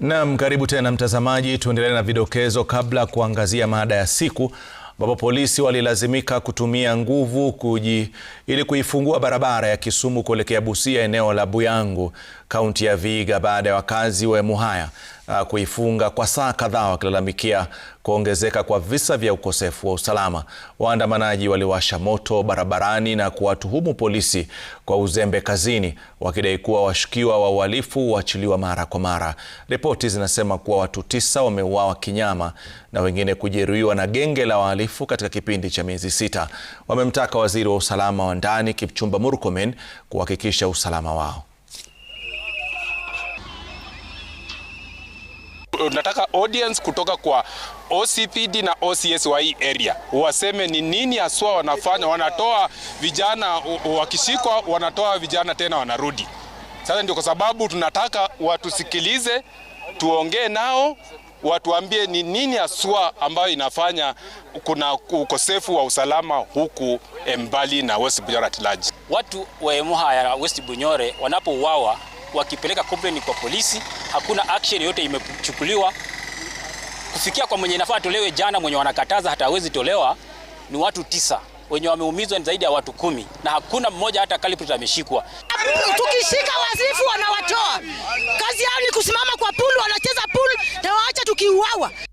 Naam, karibu tena mtazamaji, tuendelee na vidokezo kabla ya kuangazia mada ya siku ambapo polisi walilazimika kutumia nguvu kuji, ili kuifungua barabara ya Kisumu kuelekea Busia eneo la Buyangu kaunti ya Vihiga baada ya wakazi wa Emuhaya uh, kuifunga kwa saa kadhaa wakilalamikia kuongezeka kwa visa vya ukosefu wa usalama. Waandamanaji waliwasha moto barabarani na kuwatuhumu polisi kwa uzembe kazini, wakidai kuwa washukiwa wa uhalifu huachiliwa mara kwa mara. Ripoti zinasema kuwa watu tisa wameuawa kinyama na wengine kujeruhiwa na genge la wahalifu uhalifu katika kipindi cha miezi sita. Wamemtaka waziri wa usalama wa ndani Kipchumba Murkomen kuhakikisha usalama wao. Nataka audience kutoka kwa OCPD na OCS wa hii area waseme ni nini haswa wanafanya. Wanatoa vijana wakishikwa, wanatoa vijana tena wanarudi. Sasa ndio kwa sababu tunataka watusikilize, tuongee nao watuambie ni nini haswa ambayo inafanya kuna ukosefu wa usalama huku mbali na West Bunyore atlaji. Watu wa Emuha ya West Bunyore wanapouawa wakipeleka complaint kwa polisi, hakuna action yote imechukuliwa kufikia kwa mwenye inafaa tolewe. Jana mwenye wanakataza hata hawezi tolewa, ni watu tisa wenye wameumizwa ni zaidi ya watu kumi na hakuna mmoja hata kalipu ameshikwa. Tukishika wazifu wanawatoa do Chihuahua